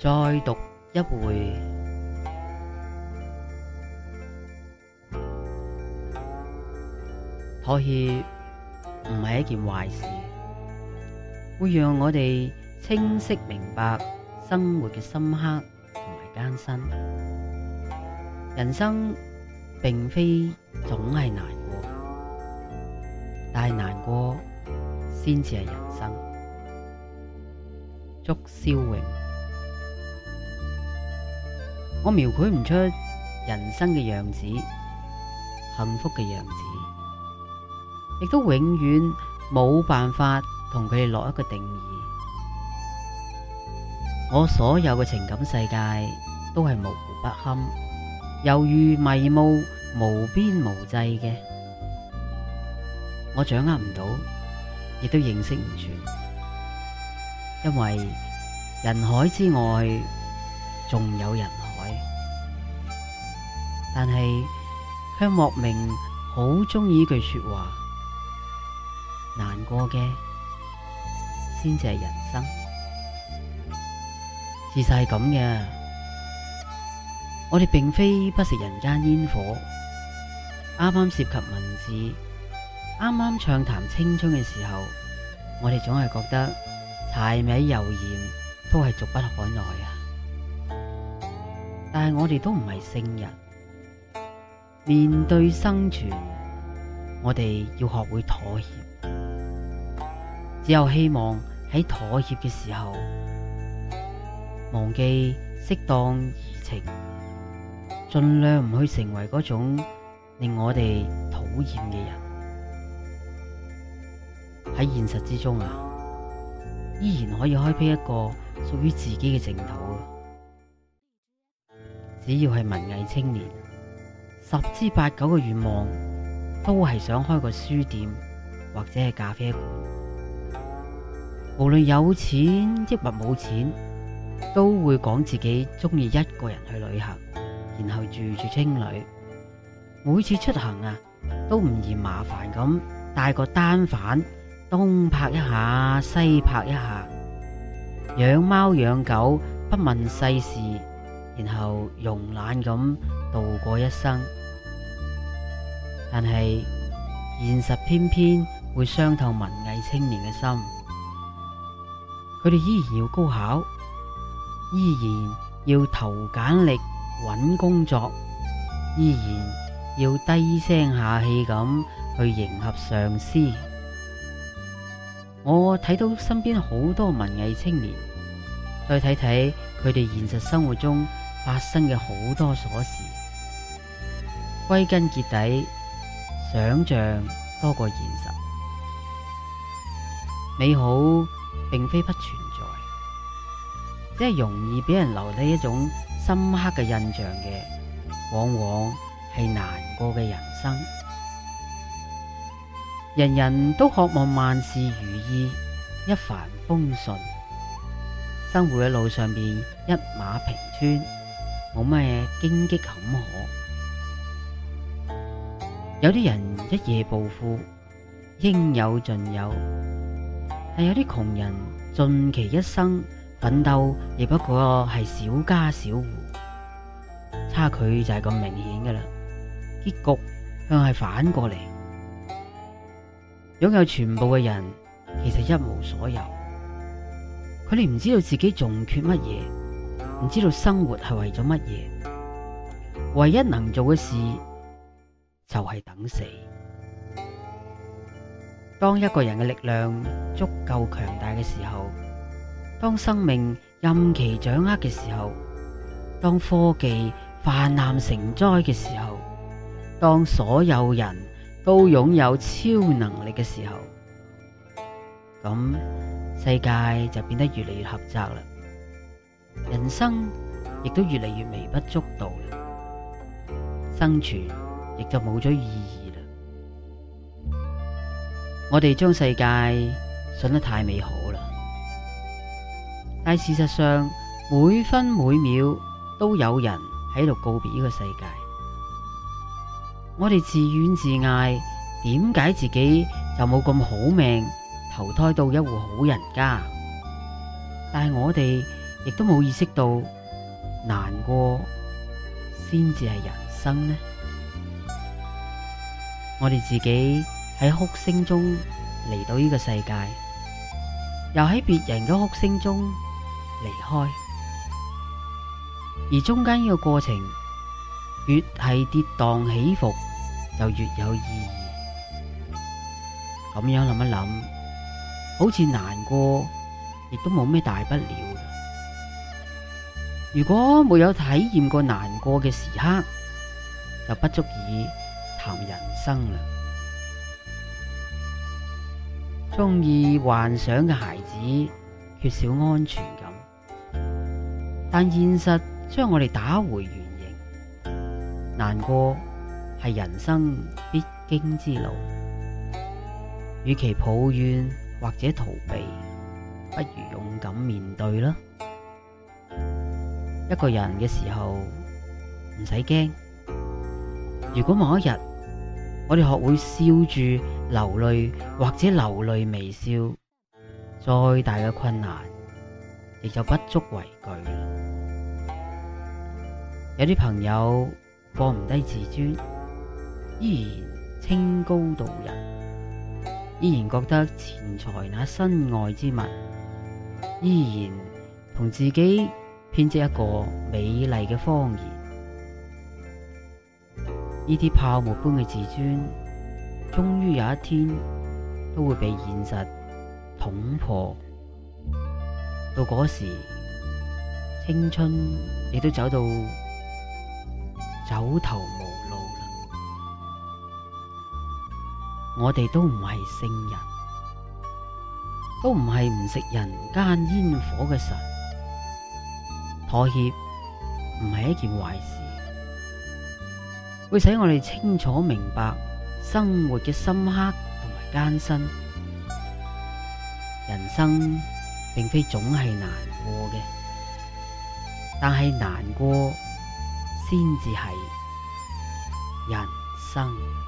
再讀一回，妥協唔係一件壞事，會讓我哋清晰明白生活嘅深刻同埋艱辛。人生並非總係難過，但係難過先至係人生。祝少永。我描繪唔出人生嘅樣子，幸福嘅樣子，亦都永遠冇辦法同佢哋落一個定義。我所有嘅情感世界都係模糊不堪，猶如迷霧無邊無際嘅，我掌握唔到，亦都認識唔全，因為人海之外仲有人。但係，佢莫名好中意呢句說話。難過嘅，先至係人生。事實係咁嘅，我哋並非不食人間煙火。啱啱涉及文字，啱啱暢談青春嘅時候，我哋總係覺得柴米油鹽都係俗不可耐啊！但係我哋都唔係聖人。面對生存，我哋要學會妥協。只有希望喺妥協嘅時候，忘記適當移情，盡量唔去成為嗰種令我哋討厭嘅人。喺現實之中啊，依然可以開闢一個屬於自己嘅淨土。只要係文藝青年。十之八九嘅願望都係想開個書店或者咖啡館，無論有錢亦或冇錢，都會講自己中意一個人去旅行，然後住住青旅。每次出行啊，都唔嫌麻煩咁帶個單反，東拍一下西拍一下。養貓養狗不問世事，然後慵懶咁度過一生。但係現實偏偏會傷透文藝青年嘅心，佢哋依然要高考，依然要投簡歷揾工作，依然要低聲下氣咁去迎合上司。我睇到身邊好多文藝青年，再睇睇佢哋現實生活中發生嘅好多瑣事，歸根結底。想象多過現實，美好並非不存在，只係容易俾人留低一種深刻嘅印象嘅，往往係難過嘅人生。人人都渴望萬事如意，一帆風順，生活嘅路上面一馬平川，冇咩嘢荊棘坎坷。有啲人一夜暴富，應有盡有；係有啲窮人盡其一生奮鬥，亦不過係小家小戶，差距就係咁明顯㗎喇。結局向係反過嚟，擁有全部嘅人其實一無所有，佢哋唔知道自己仲缺乜嘢，唔知道生活係為咗乜嘢，唯一能做嘅事。就係等死。當一個人嘅力量足夠強大嘅時候，當生命任其掌握嘅時候，當科技泛濫成災嘅時候，當所有人都擁有超能力嘅時候，咁世界就變得越嚟越狹窄啦，人生亦都越嚟越微不足道啦，生存。亦就冇咗意義啦。我哋將世界想得太美好啦，但事實上每分每秒都有人喺度告別呢個世界。我哋自怨自艾，點解自己就冇咁好命，投胎到一戶好人家？但係我哋亦都冇意識到難過先至係人生呢？我哋自己喺哭聲中嚟到呢個世界，又喺別人嘅哭聲中離開，而中間呢個過程，越係跌宕起伏，就越有意義。咁樣諗一諗，好似難過，亦都冇咩大不了。如果沒有體驗過難過嘅時刻，就不足以。談人生啦，中意幻想嘅孩子缺少安全感，但現實將我哋打回原形。難過係人生必經之路，與其抱怨或者逃避，不如勇敢面對啦。一個人嘅時候唔使驚。如果某一日，我哋學會笑住流淚，或者流淚微笑，再大嘅困難亦就不足為懼啦。有啲朋友放唔低自尊，依然清高度人，依然覺得錢財那身外之物，依然同自己編織一個美麗嘅謊言。呢啲泡沫般嘅自尊，終於有一天都會被現實捅破。到嗰時，青春亦都走到走投無路啦。我哋都唔係聖人，都唔係唔食人間煙火嘅神，妥協唔係一件壞事。會使我哋清楚明白生活嘅深刻同埋艱辛，人生並非總係難過嘅，但係難過先至係人生。